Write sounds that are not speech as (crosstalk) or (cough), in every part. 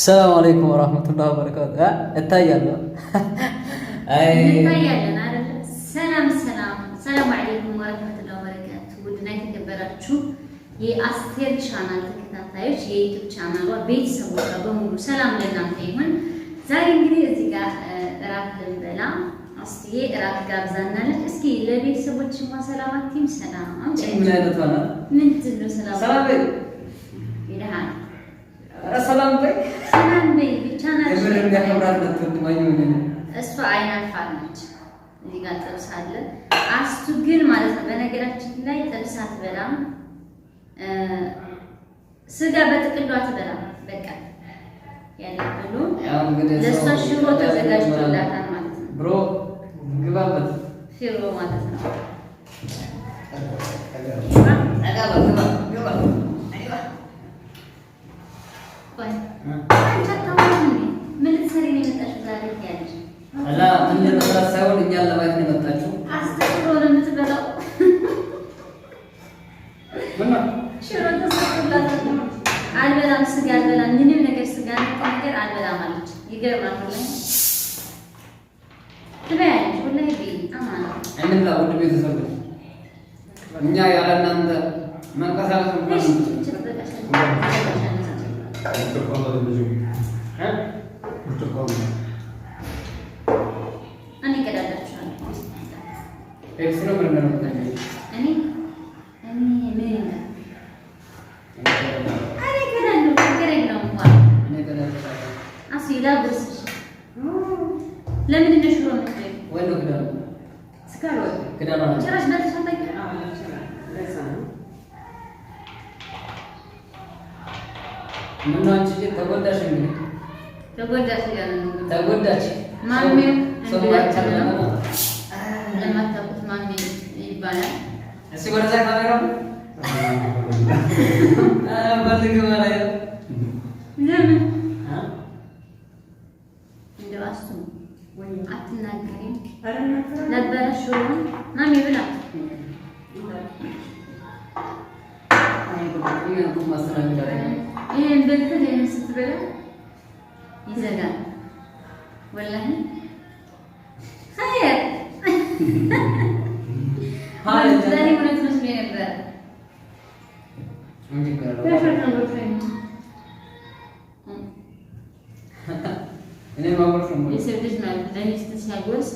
ሰላም አለይኩም ወራህመቱላሂ ወበረካቱ። እታያለሁ። (laughs) አይ የአስቴር ቻናል ተከታታዮች፣ የዩቲዩብ ቻናሏ ቤተሰቦቿ በሙሉ ሰላም ለእናንተ ይሁን። ዛሬ እንግዲህ እዚህ ጋር እራት ልንበላ አስቴ እራት ጋብዛናለች። እስኪ ለቤተሰቦችማ ሰላም አትይም? ሰላም ምንድን ነው ሰላም ይልሃል ሰላም በይ ሰላም በይ ብቻ እሷ አይን አልፋ ነች። እዚህ ጋር ጥብስ አለ። አስቱ ግን ማለት ነው በነገራችን ላይ ጥብስ አትበላም፣ ስጋ በጥቅሉ አትበላም። በቃ ያለ ብሎ ለእሷ ሽሮ ተዘጋጅቶላታል ማለት ነው። ብሮ ግባበት ሽሮ ማለት ነው። Tiga maklum. Tuan, boleh bi. Aman. Anda tidak boleh bi sesuatu. Nya ya lah nanda. Mereka salah semua. Cepat kasih. Untuk kau ada baju. Hah? Untuk kau. Ani kadang-kadang. Ekstro benar-benar. Ani. ተጎዳሽ ስትናገሪ ነበረ ሽሮን ማሚ ብላ ይህን ብልትል ይህን ስትበላ ይዘጋል። ወላሂ ኸይር ዛሬ ሁለት መስሎኝ ነበረ ለሚስት ሲያጎርስ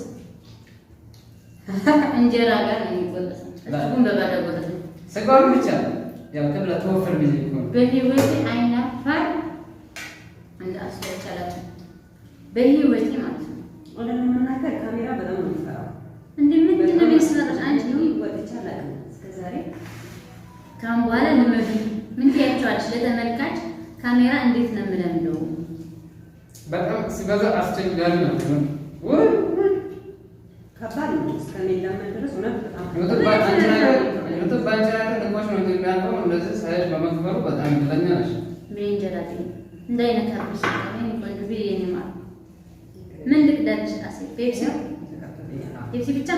(laughs) እንጀራ ጋር ነው የሚጎረሰው። በባዳ ጎረሰ። ስጋውን ብቻ ያው ተብላ ተወፈር ጊዜ በህይወቴ አይናፋር እንደ አስተያየት አላችሁ። በህይወቴ ማለት ነው። ወደ መናገር ካሜራ በጣም ነው የሚሰራው። እንዴ ምንድን ነው የሚሰራው? አንቺ ነው ይወጣቻ አላችሁ እስከዛሬ። ካም በኋላ ልመዱ ምን ትያቸዋለሽ? ለተመልካች ካሜራ እንዴት ነው የምለምደው? በጣም ሲበዛ አስቸጋሪ ነው። እንጀራ ልቅዳልሽ? ራሴ ፔፕሲ ብቻ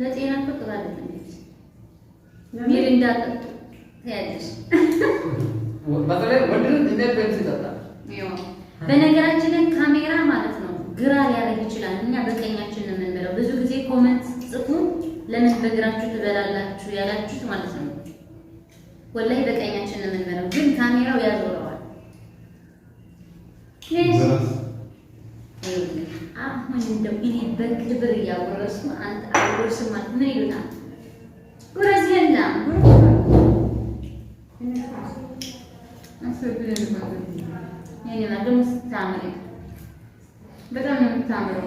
ለጤና እኮ ጥሩ አይደለም። ሚሪንዳ ትያለሽ። በነገራችን ላይ ካሜራ ማለት ነው ግራ ሊያደርግ ይችላል። እኛ በቀኛችን ነው የምንበለው። ብዙ ጊዜ ኮመንት ጽፉ፣ ለምን በግራችሁ ትበላላችሁ ያላችሁት ማለት ነው ወላይ በቀኛችን ነው የምንመረው፣ ግን ካሜራው ያዞረዋል። አሁን እንደው እኔ በክብር እያወረሱ አንተ አወርስ ማለት ምን ይሉታል? ወረዚ እና በጣም ነው የምታምረው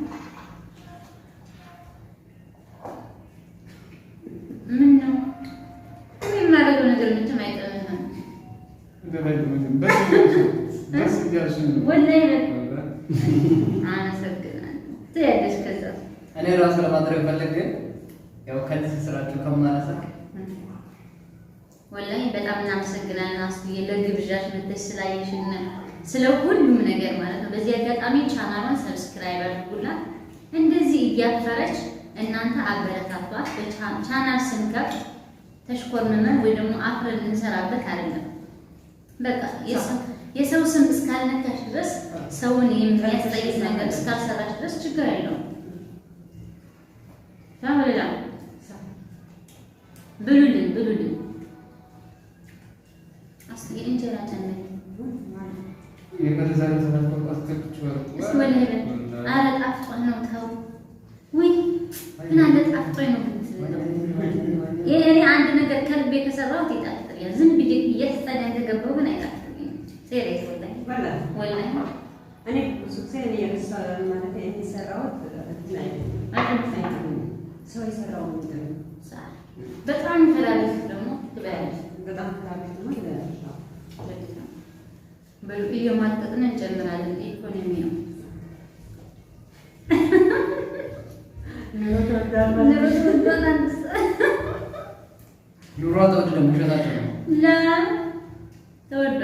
እኔ ራሱ ለማድረግ ፈለግ ያው ከዚህ ስራችሁ ከማላሳ ወላሂ በጣም እናመሰግናለን። አስዬ ለግብዣሽ መተሽ ስላየሽን ስለ ሁሉም ነገር ማለት ነው። በዚህ አጋጣሚ ቻናሏን ሰብስክራይብ አድርጉላት። እንደዚህ እያፈረች እናንተ አበረታቷት። ቻናል ስንከፍ ተሽኮርመመን ወይ ደግሞ አፍረን እንሰራበት አይደለም በቃ የሰው ስም እስካልነካሽ ድረስ ሰውን የሚያስጠይቅ ነገር እስካልሰራሽ ድረስ ችግር የለውም። ላ ብሉልን ብሉልን የእንጀራ ጨምር ኧረ ጣፍጦኝ ነው ተው። ውይ ምን አለ ጣፍጦ ነው የእኔ አንድ ነገር ከልብ የተሰራሁት ይጣፍጥልኛል። ዝም ብዬ እያስጠላ የተገባው ግን አይጣ ሴሪየስ ኑሮ ተወድ ደግሞ ነው ላ ተወዷል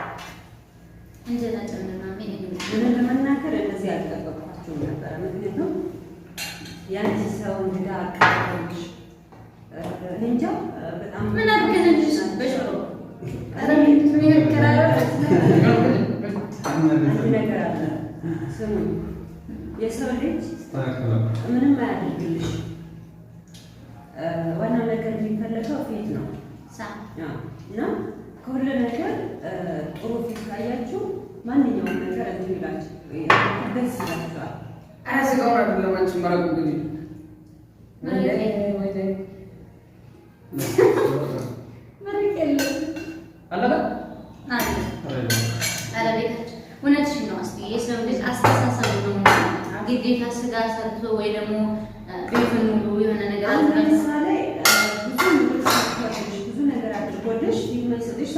ለመናገር እነዚህ ያልጠበቅኳቸው ነበረ። ምክንያቱም ያን ሰው እንግዳ አቃዎች እንጃ በጣም ምን የሰው ልጅ ምንም አያደርግልሽ። ዋናው ነገር የሚፈለገው ፊት ነው እና ከሁሉ ነገር ጥሩ ፊት ካያችሁ ማንኛውም ነገር እንትን ይላችሁ ደስ ይላችኋል። አያስቀው ለማንች ነው እንግዲህ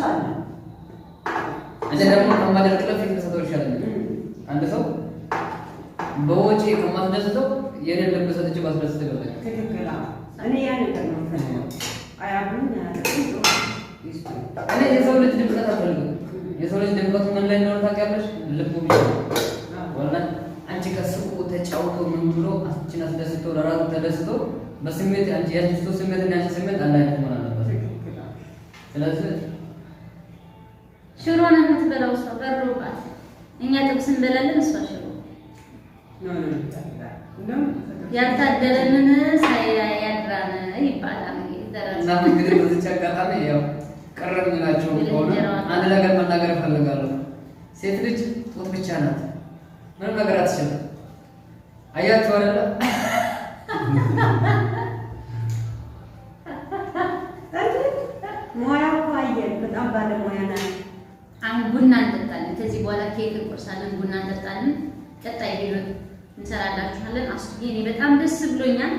አለ። አንተ ደግሞ ከማደርቅለው ፊት ከሰጠው ይሻላል። አንድ ሰው በወጪ ከማስደስተው የሌለም በሰጥቼ ማስደስት ይበላል። ትክክል። እኔ ያ ነገር ነው የሰው ልጅ ድምቀት አልፈልግም። የሰው ልጅ ድምቀቱ ምን ላይ እንደሆነ ታውቂያለሽ? ልቡ ብቻ ወላ አንቺ ከስቁ ተጫውቶ ምን ብሎ አንቺን አስደስቶ ለራሱ ተደስቶ በስሜት ያንቺ ስሜት እና አንቺ ስሜት አንድ አይነት መሆን አለበት። ስለዚህ ሽሮ ነው የምትበላው እሷ በሮባት። እኛ ጥብስ እንበላለን፣ እሷ ሽሮ። ያልታደለምን ሳያድራን ይባላል። እንግዲህ በዚች አጋጣሚ ያው ቅር የሚላቸው ከሆነ አንድ ነገር መናገር እፈልጋለሁ። ሴት ልጅ ጡት ብቻ ናት፣ ምንም ነገር አትችልም። አያቸው በጣም ባለሙያ አሁን ቡና እንጠጣለን። ከዚህ በኋላ ኬክ እንቆርሳለን፣ ቡና እንጠጣለን። ቀጣይ ሄዶት እንሰራላችኋለን። አሱ እኔ በጣም ደስ ብሎኛል።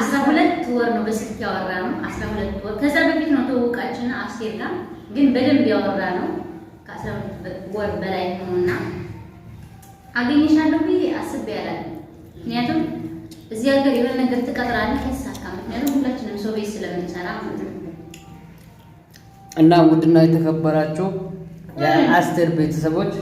አስራ ሁለት ወር ነው በስልክ ያወራ ነው። አስራ ሁለት ወር ከዛ በፊት ነው ተወቃችና አስቴር ጋር ግን በደንብ ያወራ ነው። ከአስራ ሁለት ወር በላይ ሆኖና አገኝሻለሁ ብዬ አስቤ ያላል። ምክንያቱም እዚህ ሀገር የሆነ ነገር ትቀጥራለህ ከሳካ ምክንያቱም ሁላችንም ሰው ቤት ስለምንሰራ እና ውድና የተከበራቸው የአስቴር ቤተሰቦች